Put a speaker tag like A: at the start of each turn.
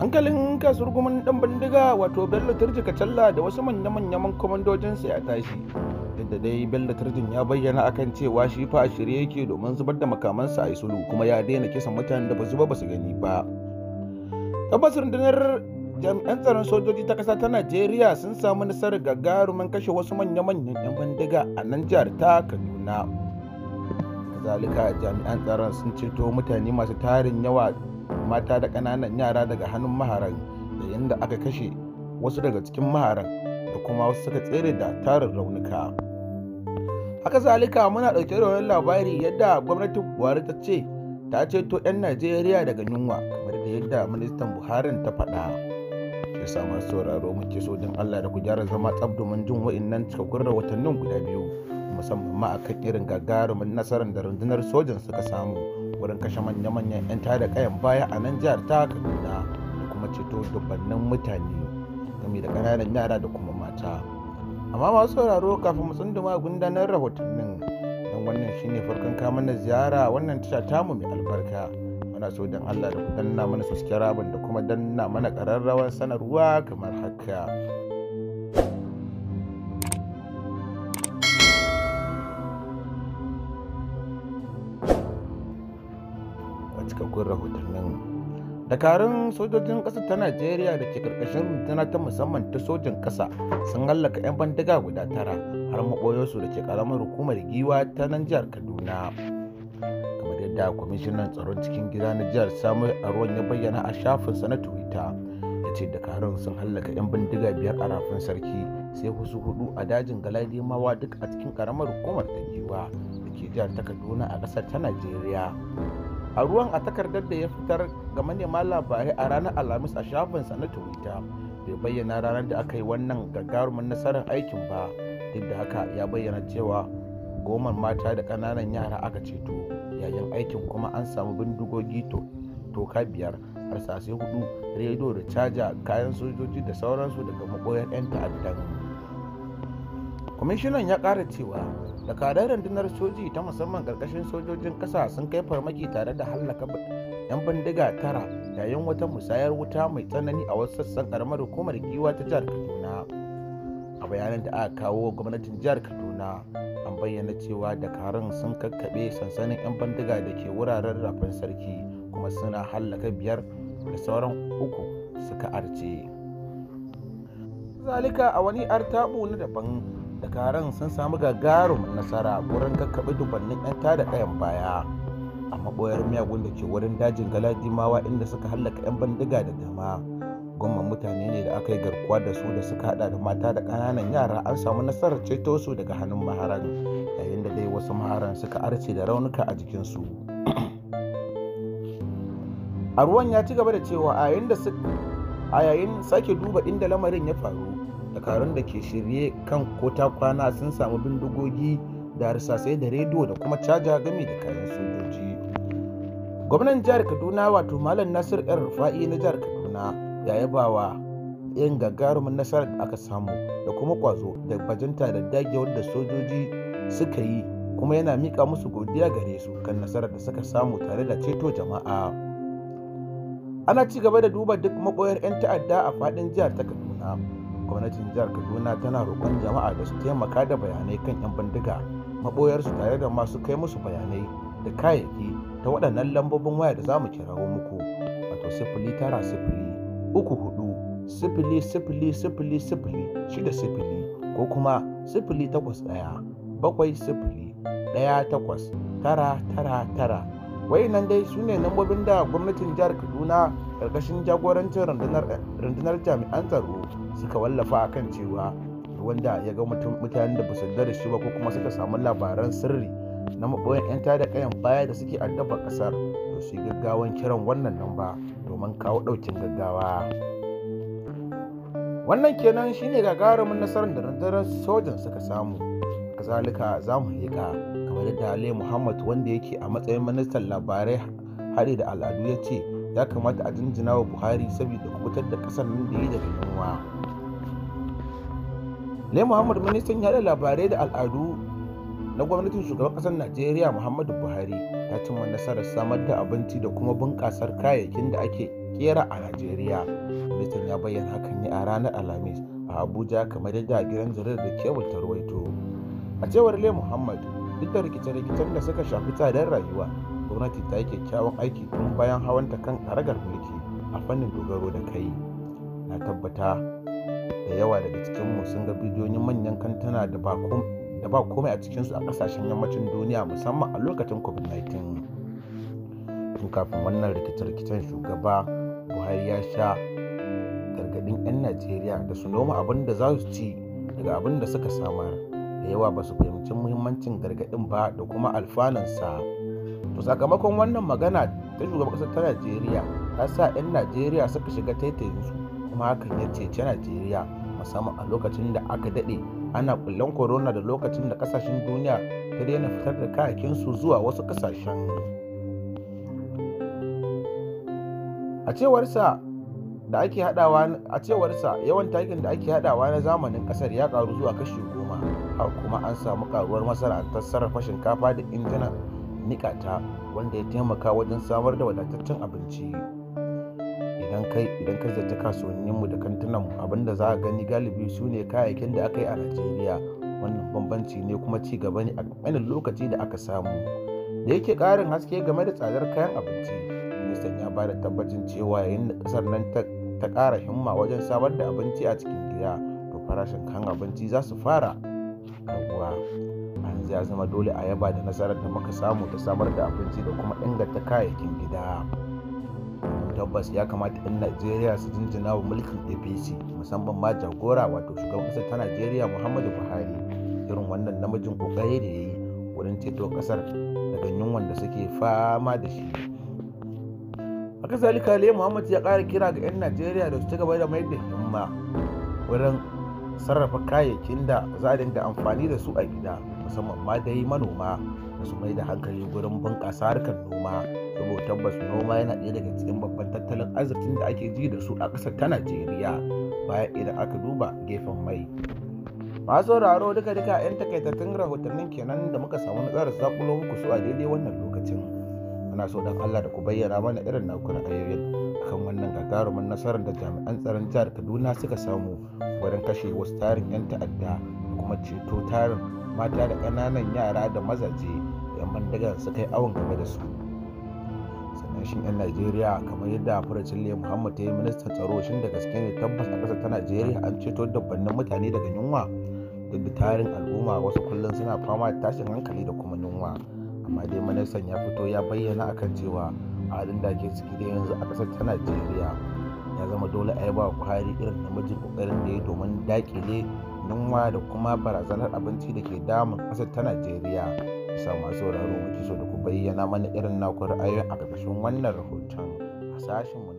A: hankalin kasuwar gumin dan bindiga wato bello turji kacalla da wasu manya-manyan kwamandojinsa ya tashi da dai bello turjin ya bayyana akan cewa shi fa a shirye yake domin zubar da makamansa a isulu kuma ya daina kisan mutanen da ba zuba ba su gani ba tabbas rundunar jami'an tsaron sojoji ta kasa ta najeriya sun samu nasarar gagarumin kashe wasu manya-manyan 'yan bindiga a nan jihar ta kaduna zalika jami'an tsaron sun ceto mutane masu tarin yawa mata da ƙananan yara daga hannun maharan da da aka kashe wasu daga cikin maharan da kuma wasu suka tsere da tarin raunuka haka zalika muna ɗauke da wani labari yadda gwamnatin buhari ta ce ta ceto 'yan najeriya daga yunwa kamar da yadda ministan buharin ta faɗa ya sa sauraro muke so don allah da ku gyara zama tsab domin jin wa'innan cikakkun rahotannin guda biyu musamman ma akan irin gagarumin nasarar da rundunar sojan suka samu Wurin kashe manya-manyan 'yan da kayan baya a nan jihar ta kaduna da kuma ceto dubannin mutane game da kananan yara da kuma mata amma masu sauraro kafin mu tsunduma gundanar rahotannin don wannan shine farkon kamar ziyara wannan tasha ta mu mai albarka muna so don allah da ku danna mana subscribe da kuma danna mana ƙararrawar sanarwa kamar haka cikakkun rahotannin dakarun sojojin ƙasa ta najeriya da ke ƙarƙashin runduna ta musamman ta sojin ƙasa sun hallaka 'yan bandiga guda tara har su da ke ƙaramar hukumar giwa ta nan jihar kaduna kamar yadda kwamishinan tsaron cikin gida na jihar samuel aron ya bayyana a shafin sa na twitter ya ce dakarun sun hallaka 'yan bindiga biyar a rafin sarki sai wasu hudu a dajin galadimawa duk a cikin ƙaramar hukumar ta giwa da ke jihar ta kaduna a ƙasar ta najeriya a ruwan a takardar da ya fitar ga manema labarai a ranar alhamis a shafinsa na twitter bai bayyana ranar da aka yi wannan gagarumin nasarar aikin ba duk da haka ya bayyana cewa gomar mata da ƙananan yara aka ceto yayin aikin kuma an samu bindigogi toka biyar harsasai hudu rediyo da caja kayan sojoji da sauransu daga makoyan 'yan ta'addan kwamishinan ya ƙara cewa dakarun rundunar soji ta musamman karkashin sojojin ƙasa sun kai farmaki tare da hallaka 'yan bindiga tara yayin wata musayar wuta mai tsanani a wasu sassan karamar hukumar giwa ta jihar kaduna a bayanan da aka kawo gwamnatin jihar kaduna an bayyana cewa dakarun sun kakkaɓe sansanin 'yan bindiga da ke wuraren rafin sarki kuma suna hallaka biyar da sauran uku suka arce zalika a wani artabu na daban dakaran sun samu gagarum nasara wurin kakkaɓe dubannin 'yan da ɗayan baya a maɓoyar miyagun da ke wurin dajin galadimawa inda suka hallaka 'yan bandiga da dama goma mutane ne da aka yi garkuwa da su da suka hada da mata da ƙananan yara an samu nasarar ceto su daga hannun maharan yayin da dai wasu maharan suka arce da raunuka a jikinsu a ruwan ya ci gaba da cewa a yayin sake duba inda lamarin ya faru dakarun da ke shirye kan ko ta kwana sun samu bindigogi da harsasai da rediyo da kuma caja gami da kayan sojoji gwamnan jihar kaduna wato malam nasir yar rufa'i na jihar kaduna ya yaba wa 'yan gagarumin nasarar da aka samu da kuma kwazo da bajinta da dagewar wanda sojoji suka yi kuma yana mika musu godiya gare su kan nasarar da suka samu tare da ceto jama'a ana ci gaba da duba duk maboyar 'yan ta'adda a faɗin jihar ta kaduna gwamnatin jihar kaduna tana roƙon jama'a da su taimaka da bayanai kan 'yan bindiga maɓoyarsu tare da masu kai musu bayanai da kayayyaki ta waɗannan lambobin waya da za mu kirawo muku wato sifili tara sifili uku hudu sifili sifili sifili sifili shida sifili ko kuma sifili takwas ɗaya bakwai sifili ɗaya takwas tara tara tara Wai nan dai su ne lambobin da gwamnatin jihar kaduna ƙarƙashin jagorancin rundunar jami'an tsaro suka wallafa a kan cewa wanda ya ga mutum mutanen da basu da shi ba ko kuma suka samu labaran sirri na maɓoyin 'yan tada kayan baya da suke addaba ƙasar to su gaggawan kiran wannan nan ba, domin kawo ɗaukin gaggawa wannan kenan shine gagarumin nasarar da rundunar sojan suka samu kazalika za mu hika kamar yadda ali muhammad wanda yake a matsayin ministan labarai haɗe da al'adu ya ce ya kamata a jinjina wa buhari saboda kubutar da ƙasar nan da ya daga yunwa ne muhammad ministan yada labarai da al'adu na gwamnatin shugaban kasar najeriya muhammadu buhari ta cimma nasarar samar da abinci da kuma bunƙasar kayayyakin da ake kera a najeriya ministan ya bayyana hakan ne a ranar alhamis a abuja kamar yadda gidan jaridar da kewal ta a cewar le muhammad duk da rikice-rikicen da suka shafi tsadar rayuwa gwamnati ta yi kyakkyawan aiki tun bayan hawanta kan karagar mulki a fannin dogaro da kai na tabbata da yawa daga cikinmu sun ga bidiyoyin manyan kantuna da ba komai a cikinsu a kasashen yammacin duniya musamman a lokacin covid-19 tun kafin wannan rikice-rikicen shugaba buhari ya sha gargadin 'yan najeriya da su noma abin da za su ci daga abin da suka samar da yawa ba su fahimci muhimmancin gargadin ba da kuma alfanansa to sakamakon wannan magana ta shugaban ƙasar ta najeriya ta sa 'yan najeriya suka shiga taitayinsu kuma hakan ya ta najeriya musamman a lokacin da aka daɗe ana kullen corona da lokacin da kasashen duniya ta daina fitar da su zuwa wasu kasashen a cewarsa da ake hadawa a cewarsa yawan takin da ake hadawa na zamanin kasar ya karu zuwa kashi goma a kuma an samu karuwar masana'antar sarrafa shinkafa da injina nikata wanda ya taimaka wajen samar da wadataccen abinci idan kai idan ka kasuwannin mu da kantunanmu abinda za a gani galibi su ne kayayyakin da aka yi a najeriya wannan bambanci ne kuma ci gaba ne a ƙanƙanin lokaci da aka samu da yake karin haske game da tsadar kayan abinci ministan ya ba tabbacin cewa yayin da kasar nan ta ƙara himma wajen samar da abinci a cikin gida to farashin kan abinci za su fara raguwa an ya zama dole a yaba da nasarar da muka samu ta samar da abinci da kuma inganta kayayyakin gida. tabbas ya kamata 'yan najeriya su jinjina wa mulkin apc musamman ma jagora wato shugaban ƙasar ta najeriya muhammadu buhari irin wannan namijin ƙoƙari da ya yi wurin ceto ƙasar daga yunwan da suke fama da shi haka zalika le muhammad ya ƙara kira ga 'yan najeriya da su ci gaba da mai da himma wurin sarrafa kayayyakin da za a dinga amfani da su a gida musamman ma dai manoma da su mai da hankali gurin bunƙasa harkar noma saboda tabbas noma yana ɗaya daga cikin babban tattalin arzikin da ake ji da su a ƙasar ta najeriya bayan idan aka duba gefen mai masu sauraro duka duka yan takaitattun rahotannin kenan da muka samu na tsara zakulo muku su a daidai wannan lokacin ana so dan allah da ku bayyana mana irin naku ayoyin akan wannan gagarumin nasarar da jami'an tsaron jihar kaduna suka samu wurin kashe wasu tarin yan ta'adda da kuma ceto tarin mata da ƙananan yara da mazaje 'yan bandagar su kai awon game da su kasashen 'yan najeriya kamar yadda furucin liya muhammad ta yi ministan tsaro shin da gaske ne tabbas a ƙasar ta najeriya an ceto dabbannin mutane daga yunwa da tarin al'umma wasu kullum suna fama da tashin hankali da kuma yunwa amma dai ministan ya fito ya bayyana akan cewa halin da ake ciki da yanzu a ƙasar ta najeriya ya zama dole a yi ba kwari irin namijin ƙoƙarin da ya domin daƙile yunwa da kuma barazanar abinci da ke damun ƙasar ta najeriya sa masu sauraro muke so da ku bayyana mana irin naku ra'ayoyin a ƙarƙashin wannan rahoton a sashen